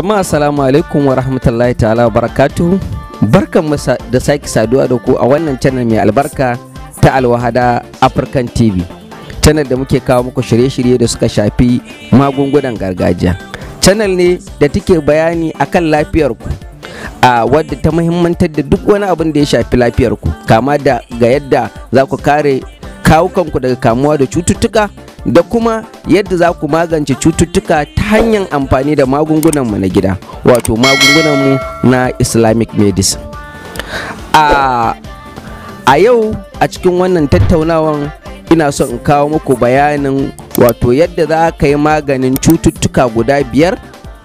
jama'a assalamu alaikum wa rahmatullahi ta'ala wa barakatu barkan mu da sake saduwa da ku a wannan channel mai albarka ta alwahada african tv channel da muke kawo muku shirye-shirye da suka shafi magungunan gargajiya channel ne da take bayani akan lafiyar ku a wadda ta muhimmantar da duk wani abin da ya shafi lafiyar ku kama da ga yadda za ku kare kawukanku daga kamuwa da cututtuka da kuma yadda za ku magance cututtuka ta hanyar amfani da magungunanmu na gida wato magungunanmu na islamic medicine a yau a cikin wannan tattaunawan ina so in kawo muku bayanin wato yadda za ka yi maganin cututtuka guda biyar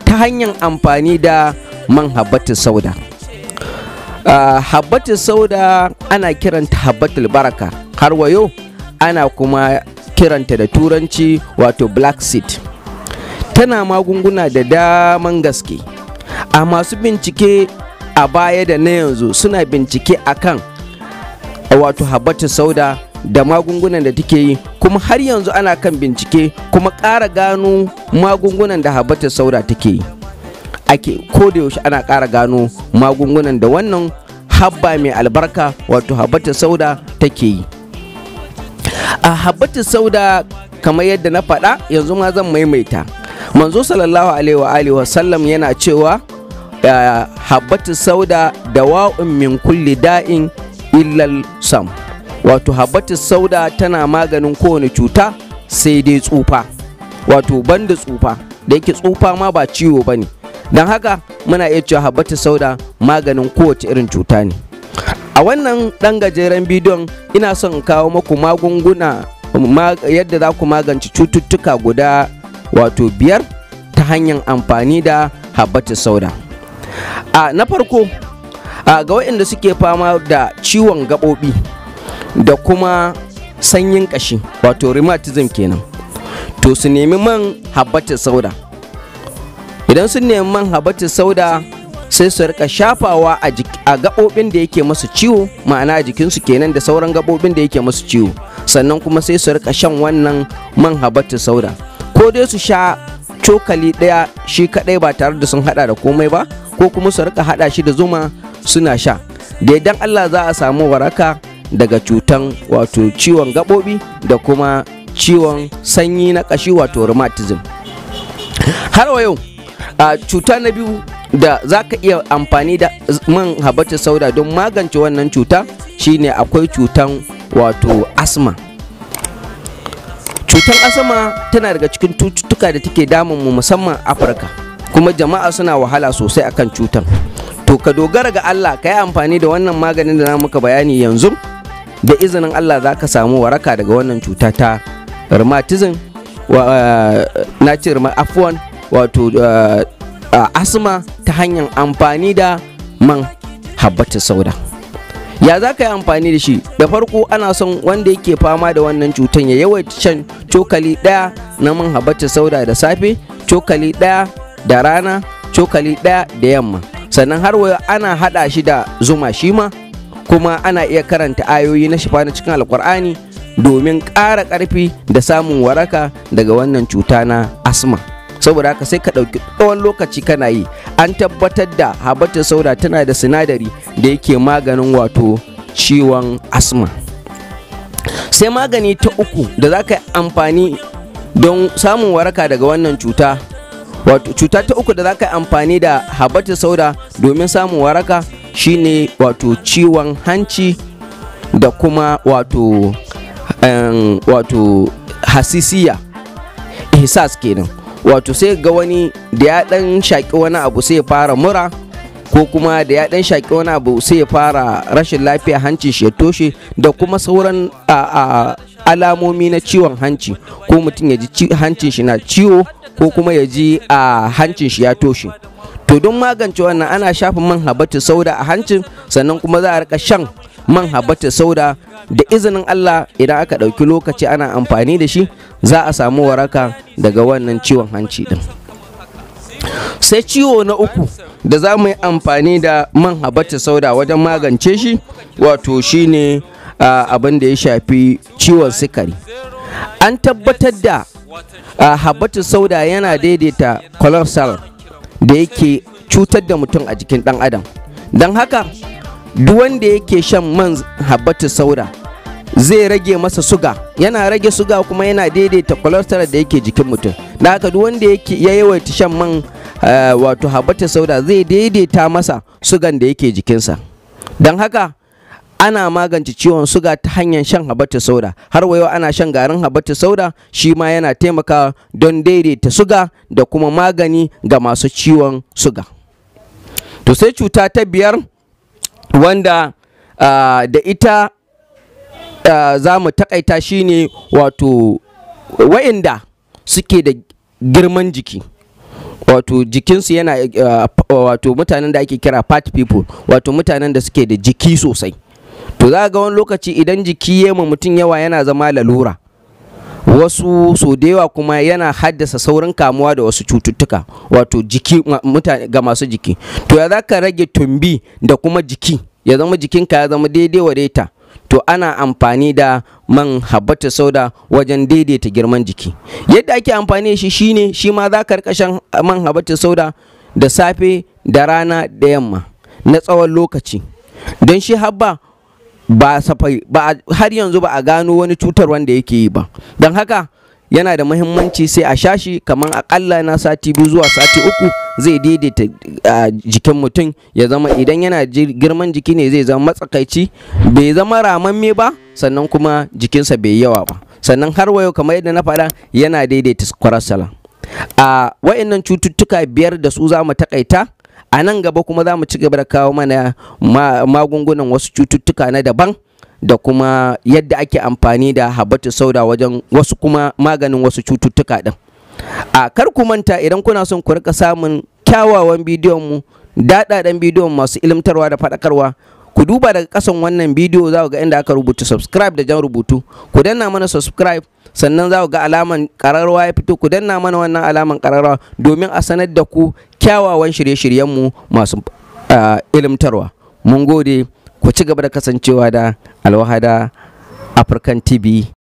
ta hanyar amfani da man habbatin sauda sauda ana kiranta habbatul baraka har wayo ana kuma kiranta da turanci wato black seed tana magunguna da daman gaske a masu bincike a baya da na yanzu suna bincike akan wato habata sauda da magungunan da take yi kuma har yanzu ana kan bincike kuma ƙara gano magungunan da habata sauda take yi ake yaushe ana ƙara gano magungunan da wannan habba mai albarka wato habata sauda take yi a habatu sauda kamar yadda na faɗa yanzu ma zan maimaita manzo sallallahu alaihi wa sallam yana cewa habatu sauda dawa'un min kulli da'in illal sam wato habatu sauda tana maganin kowane cuta sai dai tsufa wato banda tsufa da yake tsufa ma ba ciwo ba ne. don haka muna iya cewa habatu sauda maganin kowace irin cuta ne a wannan ɗan gajeren bidiyon ina son in kawo maku magunguna yadda za ku magance cututtuka guda wato biyar ta hanyar amfani da habbatus sauda a na farko a ga waɗanda suke fama da ciwon gaɓoɓi da kuma sanyin ƙashi wato rheumatism kenan to su nemi man habbatus sauda idan sun nemi man habbatus sauda sai su rika shafawa a gaɓoɓin da yake masu ciwo ma'ana a jikinsu kenan da sauran gaɓoɓin da yake masu ciwo sannan kuma sai su rika shan wannan man habatu sauda ko dai su sha cokali ɗaya shi kaɗai ba tare da sun haɗa da komai ba ko kuma su rika haɗa shi da zuma suna sha da idan Allah za a samu waraka daga cutan wato ciwon gaɓoɓi da kuma ciwon sanyi na ƙashi wato rheumatism har wa yau a cuta na biyu da za ka iya amfani da man habata sauda don magance wannan cuta shine akwai cutan wato asma cutar asma tana daga cikin cututtuka da take damun mu musamman afirka kuma jama'a suna wahala sosai akan cutan. to ka dogara ga allah ka yi amfani da wannan maganin da na muka bayani yanzu da izinin allah za ka samu waraka daga wannan cuta ta rheumatism eh, na ce afuwan wato eh, eh, asma ta hanyar amfani da man habbatu sauda ya za ka yi amfani da shi da farko ana son wanda yake fama da wannan cutan ya yawaita shan cokali ɗaya na man habbatu sauda da safe cokali ɗaya da rana cokali ɗaya da yamma sannan har waya ana haɗa shi da zuma shi ma kuma ana iya karanta ayoyi na shifa na cikin alkur'ani domin ƙara ƙarfi da samun waraka daga wannan cuta na asma saboda haka sai ka ɗauki tsawon lokaci kana yi an tabbatar da habata sauda tana da sinadari da yake maganin wato ciwon asma sai magani ta uku da za ka yi amfani don samun waraka daga wannan cuta wato cuta ta uku da za ka yi amfani da habata sauda domin samun waraka shine wato ciwon hanci da kuma wato hasisiya ihsas kenan wato sai ga wani da ya dan shaki wani abu sai ya fara mura ko kuma da ya dan shaki wani abu sai ya fara rashin lafiya hanci shi ya toshe da kuma sauran alamomi na ciwon hanci ko mutum ya ji hancin shi na ciwo ko kuma ya ji a hancin shi ya toshe to don magance wannan ana shafa man habatu sauda a hancin sannan kuma za a rika shan man habata sauda da izinin Allah idan aka ɗauki lokaci ana amfani da shi za a samu waraka daga wannan ciwon hanci din sai ciwo na uku da za mu yi amfani da man habata sauda wajen magance shi wato shine abin da ya shafi ciwon sikari an tabbatar da habata sauda yana daidaita cholesterol da yake cutar da mutum a jikin ɗan adam don haka duk wanda yake shan man habbatu saura zai rage masa suga yana rage suga kuma yana daidaita cholesterol da yake jikin mutum da haka duk wanda yake ya yawaita shan man eh, wato habbatu saura zai daidaita masa sugan da yake jikinsa don haka ana magance ciwon suga ta hanyar shan habbatu sauda har wayo ana shan garin habbatu sauda shi ma yana taimakawa don daidaita suga da kuma magani ga masu ciwon suga to sai cuta ta biyar wanda ah, da ita ah, za mu takaita shi ne wato wa'inda suke da girman jiki wato jikinsu yana ah, wato mutanen da ake kira fat people wato mutanen da suke da jiki sosai to za ga wani lokaci idan jiki ya mutum yawa yana zama lalura wasu so da yawa kuma yana haddasa saurin kamuwa da wasu cututtuka wato jiki mutane ga masu jiki to ya za rage tumbi da kuma jiki ya zama jikinka ya zama daidai wa daita to ana amfani da man habbata sauda wajen daidaita girman jiki yadda ake amfani shi shine shi ma za ka rikashan man habbata sauda da safe da rana da yamma na tsawon lokaci don shi habba ba safai ba har yanzu ba a gano wani cutar wanda yake yi ba don haka yana da muhimmanci sai a shashi kamar akalla na sati biyu zuwa sati uku zai daidaita jikin mutum ya zama idan yana girman jiki ne zai zama matsakaici bai zama ramamme ba sannan kuma jikinsa bai yawa ba sannan har wayo kamar yadda na faɗa yana daidaita kwarasala a wa'annan cututtuka biyar da su za mu takaita a nan gaba kuma za mu ci gaba da kawo mana magungunan wasu cututtuka na daban da kuma yadda ake amfani da habatu sauda wajen wasu kuma maganin wasu cututtuka din a kar ku manta idan kuna son ku rika samun kyawawan bidiyon mu daɗaɗen bidiyon masu ilimtarwa da faɗakarwa ku duba daga kasan wannan bidiyo za ku ga inda aka rubuta subscribe da jan rubutu ku danna mana subscribe sannan za ku ga alaman kararwa ya fito ku danna mana wannan alaman kararwa domin a sanar da ku kyawawan shirye-shiryenmu masu ilimtarwa mun gode ku ci gaba da kasancewa da alwahada african tv